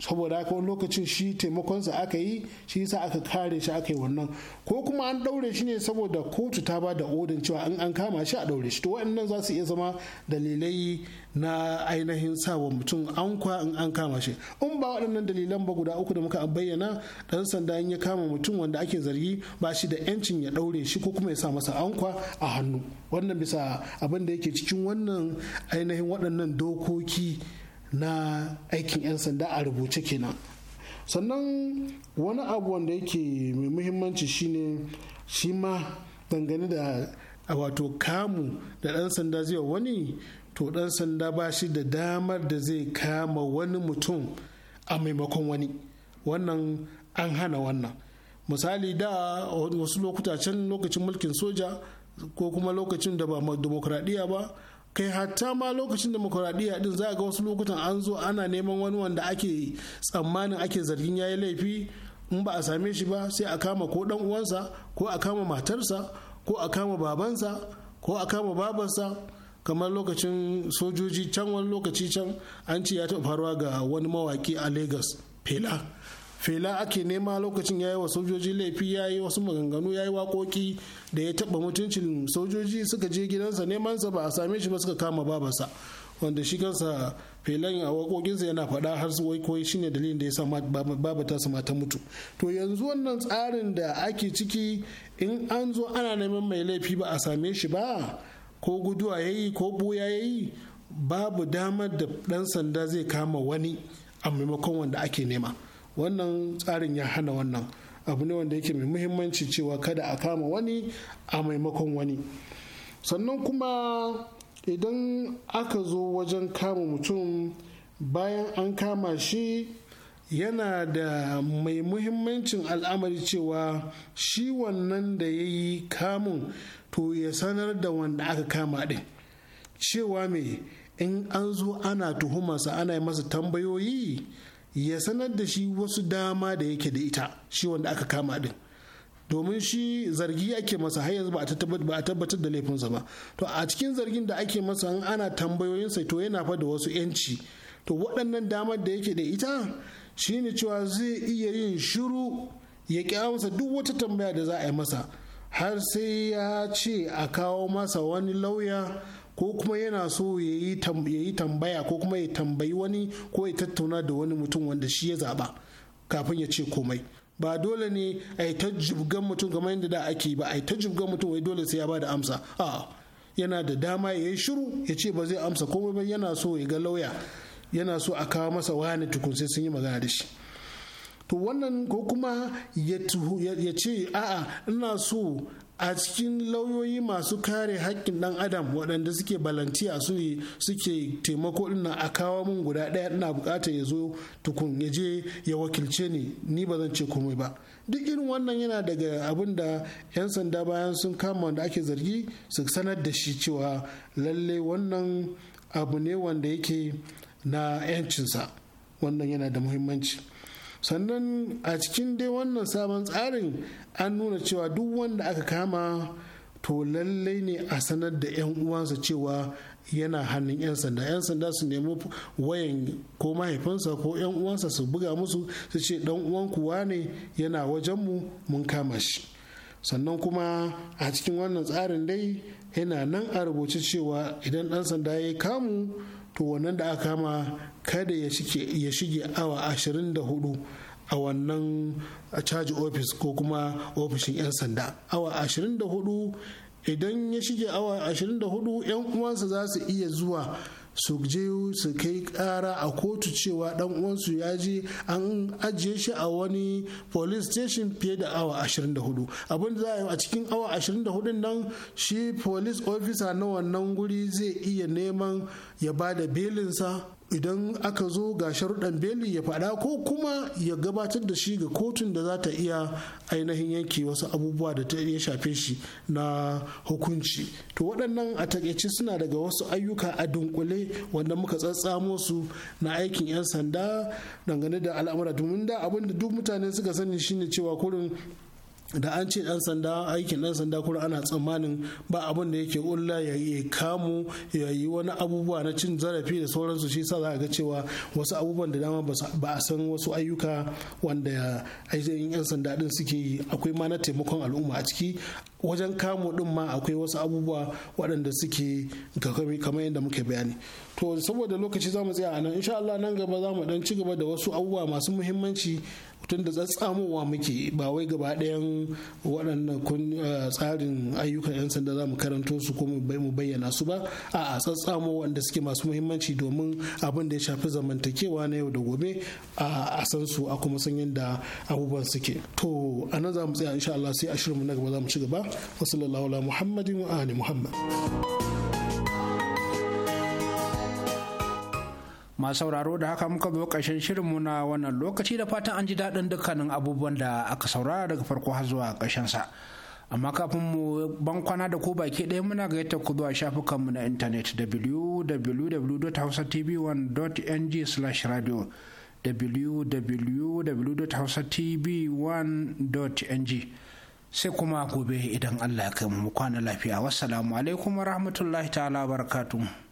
saboda haka wani lokacin shi taimakonsa aka yi shi yasa aka kare shi aka yi wannan ko kuma an ɗaure shi ne saboda kotu ta ba da odin cewa in an kama shi a ɗaure shi to waɗannan za su iya zama dalilai na ainihin sawa mutum an kwa in an kama shi in ba waɗannan dalilan ba guda uku da muka bayyana ɗan sanda in ya kama mutum wanda ake zargi ba shi da yancin ya ɗaure shi ko kuma ya sa masa ankwa a hannu wannan bisa abin da yake cikin wannan ainihin waɗannan dokoki na aikin 'yan sanda a rubuce kenan sannan wani abu wanda yake mai muhimmanci shine shi ma dangane da wato kamu da ɗan sanda zai wani to ɗan sanda ba shi da damar da zai kama wani mutum a maimakon wani wannan an hana wannan misali da wasu lokuta can lokacin mulkin soja ko kuma lokacin da ba demokradiyya ba kai hatta ma lokacin demokuraɗiyya din za a ga wasu lokutan an zo ana neman wani wanda ake tsammanin ake zargin yayi laifi in ba a same shi ba sai a kama ko dan uwansa ko a kama matarsa ko a kama babansa ko a kama babarsa kamar lokacin sojoji can wani lokaci can an ce ya taɓa faruwa ga wani mawaki a lagos fela fela ake nema lokacin ya yi wa sojoji laifi ya yi wasu maganganu ya yi waƙoƙi da ya taɓa mutuncin sojoji suka je gidansa nemansa ba a same shi ba suka kama babansa wanda shi kansa felan a wakokinsa yana faɗa har su koyi shine dalilin da ya sa baba ta sama ta mutu to yanzu wannan tsarin da ake ciki in an zo ana neman mai laifi ba a same shi ba ko guduwa ya yi ko buya ya yi babu damar da ɗan sanda zai kama wani a maimakon wanda ake nema. wannan tsarin ya hana wannan abu ne wanda yake mai muhimmanci cewa kada a kama wani a maimakon wani sannan kuma idan aka zo wajen kama mutum bayan an kama shi yana da mai muhimmancin al'amari cewa shi wannan da ya yi kamun to ya sanar da wanda aka kama ɗin, cewa mai in an zo ana tuhumarsa ana yi masa tambayoyi ya sanar da shi wasu dama da yake da ita shi wanda aka kama din domin shi zargi ake masa har yanzu ba a tabbatar da laifinsa ba to a cikin zargin da ake masa an ana tambayoyinsa to yana fa da wasu yanci to waɗannan damar da yake da ita shine cewa zai iya yin shiru ya kira masa duk wata tambaya da za a yi masa har sai ya ce a kawo masa wani lauya ko kuma yana so ya yi tambaya ko kuma ya tambayi wani ko ya tattauna da wani mutum wanda shi ya zaba kafin ya ce komai ba dole ne a yi ta jibgan mutum kamar yadda da ake ba a yi ta jibgan mutum wai dole sai ya ba da amsa a yana da dama ya yi shiru ya ce ba zai amsa komai ba yana so ya ga lauya yana so a kawo masa wani tukun sai sun yi magana da shi to wannan ko kuma ya ce a'a ina so a cikin lauyoyi masu kare haƙƙin ɗan adam waɗanda suke balantiya su ne suke taimako dinnan a kawo mun guda ɗaya ina buƙatar ya zo tukun ya je ya wakilce ni ni ba zan ce komai ba duk irin wannan yana daga abin da 'yan sanda bayan sun kama wanda ake zargi su sanar da shi cewa lalle wannan abu ne wanda yake na 'yancinsa wannan yana da muhimmanci sannan a cikin dai wannan sabon tsarin an nuna cewa duk wanda aka kama to lallai ne a sanar da 'yan uwansa cewa yana hannun 'yan sanda 'yan sanda su nemi wayan ko mahaifinsa ko 'yan uwansa su buga musu su ce dan kuwa ne yana wajenmu mun kama shi sannan kuma a cikin wannan tsarin dai yana nan a rubuce cewa idan dan sanda ya kamu to wannan da aka kama kada ya shige awa 24 a wannan caji ofis ko kuma ofishin 'yan sanda awa 24 idan ya shige awa 24 'yan uwansa za su iya zuwa su su kai kara a kotu cewa dan uwansu ya je an ajiye shi a wani police station fiye da awa 24 abin da za a yi a cikin awa 24 nan shi police officer na wannan guri zai iya neman ya ba da belinsa idan aka zo ga sharuɗan beli ya faɗa ko kuma ya gabatar da shi ga kotun da za ta iya ainihin yanke wasu abubuwa da ta iya shafe shi na hukunci to waɗannan a takaice suna daga wasu ayyuka a dunkule wanda muka tsatsamo su na aikin 'yan sanda dangane da al'amura domin da abin duk mutane suka sani shine cewa kurin da an ce dan sanda aikin ɗan sanda kuma ana tsammanin ba abin da yake ulla ya kamu ya yi wani abubuwa na cin zarafi da sauransu shi sa za ga cewa wasu abubuwan da dama ba a san wasu ayyuka wanda aikin yan sanda din suke yi akwai ma na taimakon al'umma a ciki wajen kamu din ma akwai wasu abubuwa waɗanda suke kamar yadda muke bayani to saboda lokaci za mu tsaya a nan insha nan gaba za mu dan ci gaba da wasu abubuwa masu muhimmanci tun da tsatsamowa muke ba wai gaba ɗayan waɗannan eh, tsarin ayyukan 'yan sanda za mu karanto su ko mu bayyana su ba a tsatsamowa wanda suke masu muhimmanci domin abin da ya shafi zamantakewa na yau da gobe a san su a kuma san yadda abubuwan suke to a nan za mu tsaya insha Allah sai a mu na gaba za mu ci gaba wasu lallahu muhammadin wa ali muhammad masu sauraro da haka muka zo ƙarshen shirinmu na wannan lokaci da fatan an ji daɗin dukkanin abubuwan da aka saurara daga farko har zuwa ƙarshen sa amma kafin mu ban da ku baki ɗaya muna yadda ku zuwa shafukanmu na intanet www.hausatv1.ng/radio www.hausatv1.ng sai kuma gobe idan Allah ya kai mu kwana lafiya wassalamu alaikum wa rahmatullahi ta'ala barakatuhu